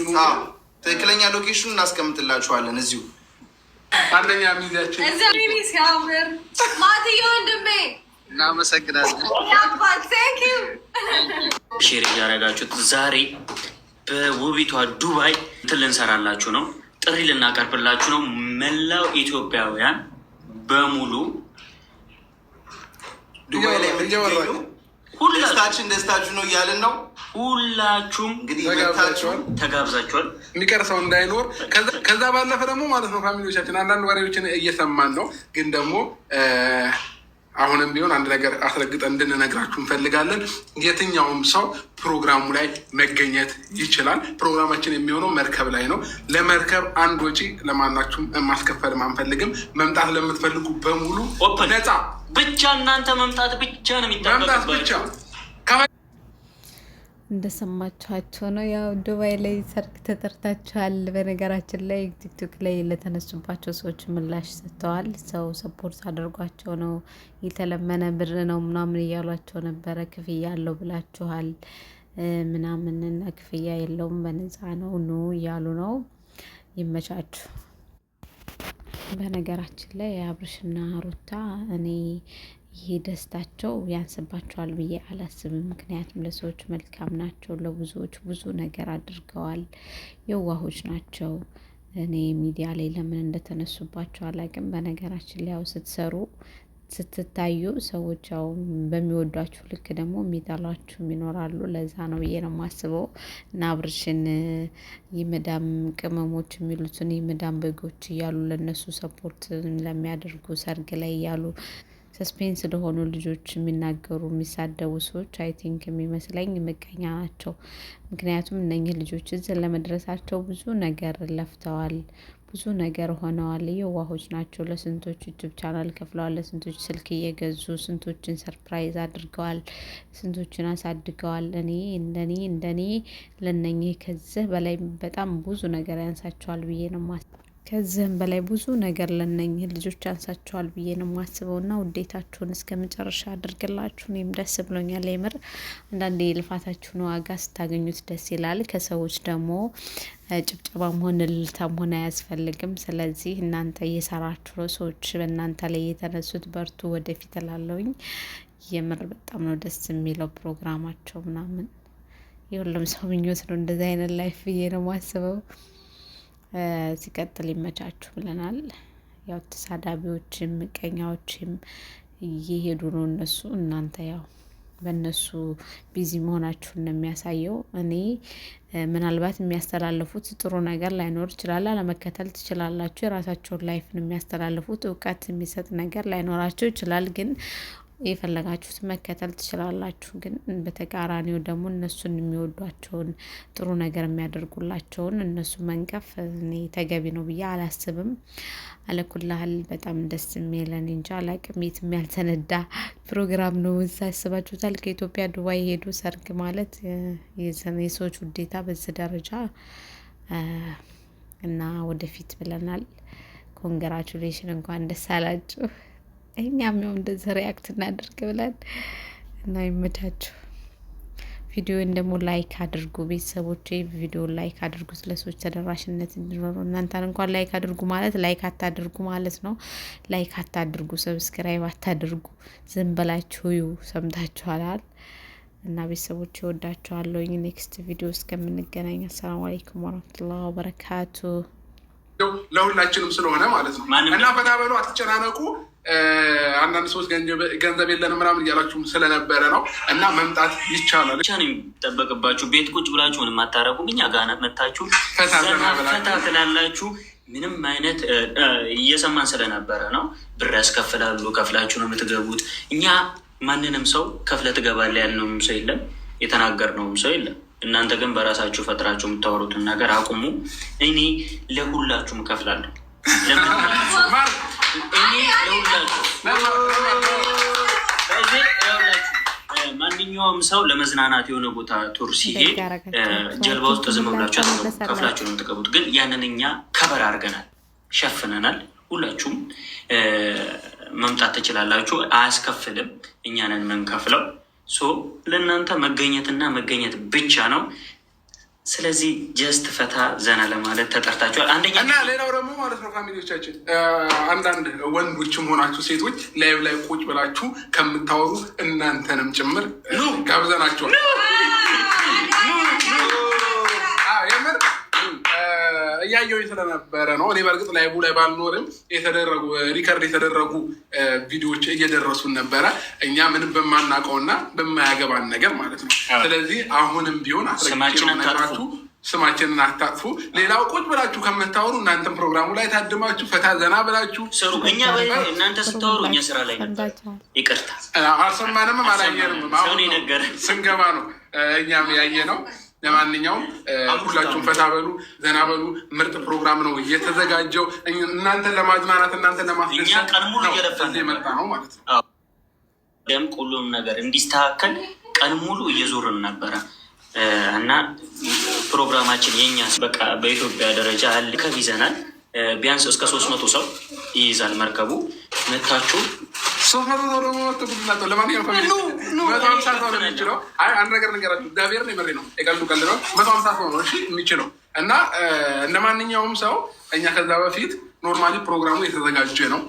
ሎኬሽኑ ትክክለኛ ሎኬሽኑ እናስቀምጥላችኋለን እዚሁ አንደኛ ሚዛችን ሲያምር ማትየ ወንድሜ እናመሰግናለን። ሼር እያደረጋችሁት ዛሬ በውቢቷ ዱባይ እንትን ልንሰራላችሁ ነው፣ ጥሪ ልናቀርብላችሁ ነው። መላው ኢትዮጵያውያን በሙሉ ዱባይ ላይ የምትገኙ ሁላችን ደስታችሁ ነው እያልን ነው ሁላችሁም እንግዲህ መታችሁን ተጋብዛችኋል፣ የሚቀር ሰው እንዳይኖር። ከዛ ባለፈ ደግሞ ማለት ነው ፋሚሊዎቻችን አንዳንድ ወሬዎችን እየሰማን ነው፣ ግን ደግሞ አሁንም ቢሆን አንድ ነገር አስረግጠን እንድንነግራችሁ እንፈልጋለን። የትኛውም ሰው ፕሮግራሙ ላይ መገኘት ይችላል። ፕሮግራማችን የሚሆነው መርከብ ላይ ነው። ለመርከብ አንድ ወጪ ለማናችሁም ማስከፈልም አንፈልግም። መምጣት ለምትፈልጉ በሙሉ ነፃ ብቻ እናንተ መምጣት ብቻ ነው ብቻ እንደሰማችኋቸው ነው። ያው ዱባይ ላይ ሰርግ ተጠርታችኋል። በነገራችን ላይ ቲክቶክ ላይ ለተነሱባቸው ሰዎች ምላሽ ሰጥተዋል። ሰው ሰፖርት አድርጓቸው ነው የተለመነ ብር ነው ምናምን እያሏቸው ነበረ። ክፍያ አለው ብላችኋል ምናምን እና ክፍያ የለውም በነፃ ነው ኑ እያሉ ነው። ይመቻችሁ። በነገራችን ላይ አብርሽና ሩታ እኔ ይሄ ደስታቸው ያንስባቸዋል ብዬ አላስብም። ምክንያቱም ለሰዎች መልካም ናቸው፣ ለብዙዎች ብዙ ነገር አድርገዋል፣ የዋሆች ናቸው። እኔ ሚዲያ ላይ ለምን እንደተነሱባቸው አላቅም። በነገራችን ላይ ያው ስትሰሩ ስትታዩ ሰዎች ያው በሚወዷችሁ ልክ ደግሞ የሚጠሏችሁም ይኖራሉ። ለዛ ነው ብዬ ነው የማስበው። እና አብርሽን የመዳም ቅመሞች የሚሉትን የመዳም በጎች እያሉ ለእነሱ ሰፖርት ለሚያደርጉ ሰርግ ላይ እያሉ ሰስፔንስ ለሆኑ ልጆች የሚናገሩ የሚሳደቡ ሰዎች አይ ቲንክ የሚመስለኝ ምቀኛ ናቸው። ምክንያቱም እነኚህ ልጆች እዚህ ለመድረሳቸው ብዙ ነገር ለፍተዋል፣ ብዙ ነገር ሆነዋል። የዋሆች ናቸው። ለስንቶች ዩቱብ ቻናል ከፍለዋል፣ ለስንቶች ስልክ እየገዙ ስንቶችን ሰርፕራይዝ አድርገዋል፣ ስንቶችን አሳድገዋል። እኔ እንደኔ እንደኔ ለነኚህ ከዚህ በላይ በጣም ብዙ ነገር ያንሳቸዋል ብዬ ነው ማስ ከዚህም በላይ ብዙ ነገር ለነኝህ ልጆች አንሳቸዋል ብዬ ነው የማስበው። ና ውዴታችሁን እስከ መጨረሻ አድርግላችሁ። እኔም ደስ ብሎኛል የምር። አንዳንድ የልፋታችሁን ዋጋ ስታገኙት ደስ ይላል። ከሰዎች ደግሞ ጭብጨባም ሆነ እልልታም ሆነ አያስፈልግም። ስለዚህ እናንተ እየሰራችሁ ነው፣ ሰዎች በእናንተ ላይ የተነሱት፣ በርቱ ወደፊት ላለውኝ የምር በጣም ነው ደስ የሚለው ፕሮግራማቸው ምናምን የሁሉም ሰው ምኞት ነው እንደዚህ አይነት ላይፍ ብዬ ነው ማስበው። ሲቀጥል ይመቻችሁ ብለናል። ያው ተሳዳቢዎችም ምቀኛዎችም እየሄዱ ነው እነሱ እናንተ ያው በእነሱ ቢዚ መሆናችሁን ነው የሚያሳየው። እኔ ምናልባት የሚያስተላልፉት ጥሩ ነገር ላይኖር ይችላል፣ አለመከተል ትችላላችሁ። የራሳቸውን ላይፍ ነው የሚያስተላልፉት። እውቀት የሚሰጥ ነገር ላይኖራቸው ይችላል ግን የፈለጋችሁት መከተል ትችላላችሁ። ግን በተቃራኒው ደግሞ እነሱን የሚወዷቸውን ጥሩ ነገር የሚያደርጉላቸውን እነሱ መንቀፍ እኔ ተገቢ ነው ብዬ አላስብም። አለኩላህል በጣም ደስ የሚለን እንጂ አላቅም የትም ያልተነዳ ፕሮግራም ነው። ያስባችሁታል። ከኢትዮጵያ ዱባይ ሄዱ ሰርግ ማለት የሰዎች ውዴታ በዚህ ደረጃ እና ወደፊት ብለናል። ኮንግራቹሌሽን፣ እንኳን ደስ አላችሁ። እኛም ያው እንደዚህ ሪያክት እናደርግ ብላል እና ይመቻችሁ። ቪዲዮን ደግሞ ላይክ አድርጉ ቤተሰቦች፣ ቪዲዮ ላይክ አድርጉ ስለ ሰዎች ተደራሽነት እንዲኖሩ። እናንተን እንኳን ላይክ አድርጉ ማለት ላይክ አታድርጉ ማለት ነው። ላይክ አታድርጉ፣ ሰብስክራይብ አታድርጉ፣ ዝም ብላችሁ ዩ። ሰምታችኋላል። እና ቤተሰቦች እወዳችኋለሁኝ። ኔክስት ቪዲዮ እስከምንገናኝ አሰላሙ አለይኩም ወረመቱላ ወበረካቱ። ለሁላችንም ስለሆነ ማለት ነው እና ፈታ በሉ አትጨናነቁ። አንዳንድ ሰዎች ገንዘብ የለንም ምናምን እያላችሁ ስለነበረ ነው እና መምጣት ይቻላል። ብቻ ነው የሚጠበቅባችሁ። ቤት ቁጭ ብላችሁን የማታረጉም እኛ ጋር መታችሁ ፈታ ትላላችሁ። ምንም አይነት እየሰማን ስለነበረ ነው። ብር ያስከፍላሉ፣ ከፍላችሁ ነው የምትገቡት። እኛ ማንንም ሰው ከፍለ ትገባለ ያልነውም ሰው የለም፣ የተናገርነውም ሰው የለም። እናንተ ግን በራሳችሁ ፈጥራችሁ የምታወሩትን ነገር አቁሙ። እኔ ለሁላችሁም እከፍላለሁ። ማንኛውም ሰው ለመዝናናት የሆነ ቦታ ቱር ሲሄድ ጀልባ ውስጥ ተዘመብላችሁ ከፍላችሁ ነው የምትገቡት። ግን ያንን እኛ ከበር አድርገናል፣ ሸፍነናል። ሁላችሁም መምጣት ትችላላችሁ፣ አያስከፍልም። እኛንን የምንከፍለው ለእናንተ መገኘትና መገኘት ብቻ ነው። ስለዚህ ጀስት ፈታ ዘና ለማለት ተጠርታችኋል። አንደኛ እና ሌላው ደግሞ ማለት ነው ፋሚሊዎቻችን፣ አንዳንድ ወንዶችም ሆናችሁ ሴቶች ላይ ላይ ቁጭ ብላችሁ ከምታወሩ እናንተንም ጭምር ኑ ጋብዘናቸዋል። የምር እያየሁኝ ስለነበረ ነው። እኔ በእርግጥ ላይቡ ላይ ባልኖርም የተደረጉ ሪከርድ የተደረጉ ቪዲዮዎች እየደረሱን ነበረ፣ እኛ ምንም በማናውቀውና በማያገባን ነገር ማለት ነው። ስለዚህ አሁንም ቢሆን አስረግጬ ነው ስማችንን አታጥፉ። ሌላው ቁጭ ብላችሁ ከምታወሩ እናንተም ፕሮግራሙ ላይ ታድማችሁ ፈታ ዘና ብላችሁ ስሩ። እኛ እናንተ ስታወሩ እኛ ስራ ላይ ይቅርታ አልሰማንም አላየንም። ስንገባ ነው እኛም ያየ ነው። ለማንኛውም ሁላችሁም ፈታ በሉ ዘና በሉ። ምርጥ ፕሮግራም ነው እየተዘጋጀው እናንተን ለማዝናናት እናንተን ለማስደሰት የመጣ ነው ማለት ነው። ደምቅ ሁሉም ነገር እንዲስተካከል ቀን ሙሉ እየዞርን ነበረ እና ፕሮግራማችን የኛ በቃ በኢትዮጵያ ደረጃ ያህል መርከብ ይዘናል። ቢያንስ እስከ ሶስት መቶ ሰው ይይዛል መርከቡ። መታችሁ ሶስት መቶ ሰው ደግሞ መቶ ብዙ ናቸው። አንድ ነገር ንገራችሁ፣ እግዚአብሔር ነው የምሬ ነው፣ የቀልዱ ቀልድ ነው። መቶ ሀምሳ ሰው ነው እሺ የሚችለው እና እንደ ማንኛውም ሰው እኛ ከዛ በፊት ኖርማሊ ፕሮግራሙ የተዘጋጀ ነው።